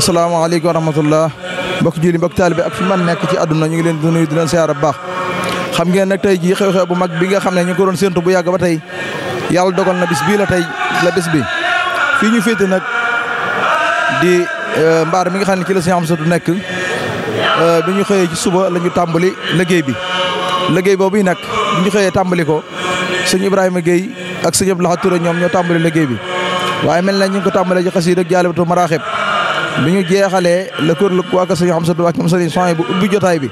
asalaamaaleykum wa rahmatullah mbokk julli mbokk taalibe ak fi man nekk ci àdduna ñu ngi leen di nuyu di leen baax xam ngeen nag tey jii xew-xew bu mag bi nga xam ne ñu ngi ko doon séntu bu yàgg ba tey yàlla dogal na bis bii la tey la bis bi fii ñu féete nag di euh, mbaar mi nga xam ne ci la si am satu nekk euh, bi ñu xëyee ci suba la ñu tàmbali liggéey bi liggéey boobu nag bi ñu xëyee tàmbali ko sëñ Ibrahima Guèye ak sëñ Abdou Lahad Touré ñoom ñoo tàmbali liggéey bi waaye mel na ñu ngi ko tàmbalee ci xasiida ak jaalibatu bi ñu jeexalee la kër la waa Kër Sëriñ Amsatu Mbàkke moom Sëriñ Sohaybu bu ubbi jotaay bi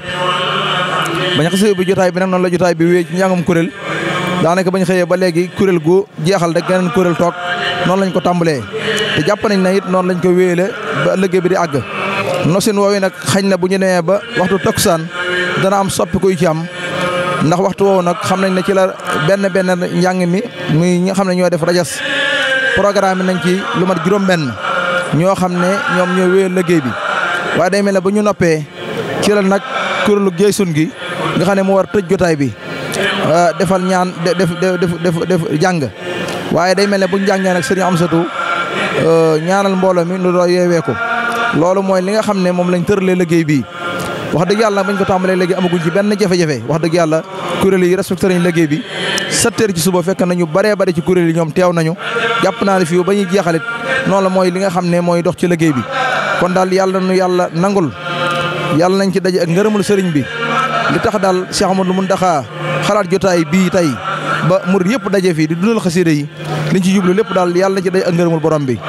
bañ xasee ubbi jotaay bi nag noonu la jotaay bi wéy ci njàngum kuréel daanaka bañ xëyee ba léegi kuréel gu jeexal rek geneen kuréel toog noonu lañ ko tàmbalee te jàpp nañ na it noonu lañ ko wéyale ba liggéey bi di àgg nosin woowu nag xañ na bu ñu nee ba waxtu takkusaan dana am sopp kuy ci am ndax waxtu woowu nag xam nañ ne ci la benn benn njàng mi muy ñi xam ne ñoo def rajas programme nañ ci lu mat juróom ñoo xam ne ñoom ñoo wéyal liggéey bi waaye day mel ne bu ñu noppee ci la nag kuréelu suñ gi nga xam ne moo war tëj jotaay bi euh, defal ñaan def def def jàng waaye day mel ne bu ñu jàngee nag sëriñ Amsatu euh, ñaanal mbooloo mi lu doon yeewee ko loolu mooy li nga xam ne moom lañ tëralee liggéey bi wax dëgg yàlla bañ ko tàmbalee léegi amaguñ ci benn jafe-jafe wax dëgg yàlla kuréel yi respecté nañ liggéey bi sept heures ci suba fekk nañu baree bare ci kuréel yi ñoom teew nañu jàpp naa ne fii ba ñuy jeexalit noonu la mooy li nga xam ne mooy dox ci liggéey bi kon daal yàlla nu yàlla nangul yàlla nañ ci daje ak ngërëmul sëriñ bi li tax daal lu Amadou daxaa xalaat jotaay bii tey ba murid yëpp daje fii di dundal xasida yi liñ ci jublu lépp daal yàlla nañ ci daje ak ngërëmul borom bi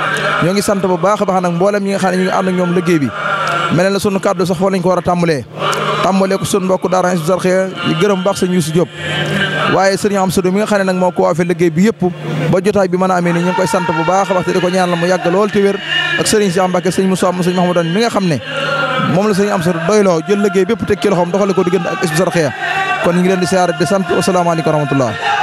ñoo ngi sant bu baax a baax nag mboolem ñi nga xam ne ñu ngi ànd ak ñoom liggéey bi mel na sunu kàddu sax foo lañ ko war a tàmbalee tàmbalee ko sunu mbokk daara Hizbut Tarqiyyah yi gërëm baax sëñ Youssou Diop waaye sëriñ am sadu mi nga xam ne nag moo ko waafee liggéey bi yëpp ba jotaay bi mën a amee ni ñu koy sant bu baax a te di ko ñaan mu yàgg lool te wér ak sëriñ Cheikh Mbacke sëriñ Moussa sëriñ Mahmoudane mi nga xam ne moom la sëriñ am sadu doyloo jël liggéey bépp teg ci loxoom doxale ko diggante ak Hizbut Tarqiyyah kon ngi leen di siyaare di sant wasalaamaaleykum wa rahmatullah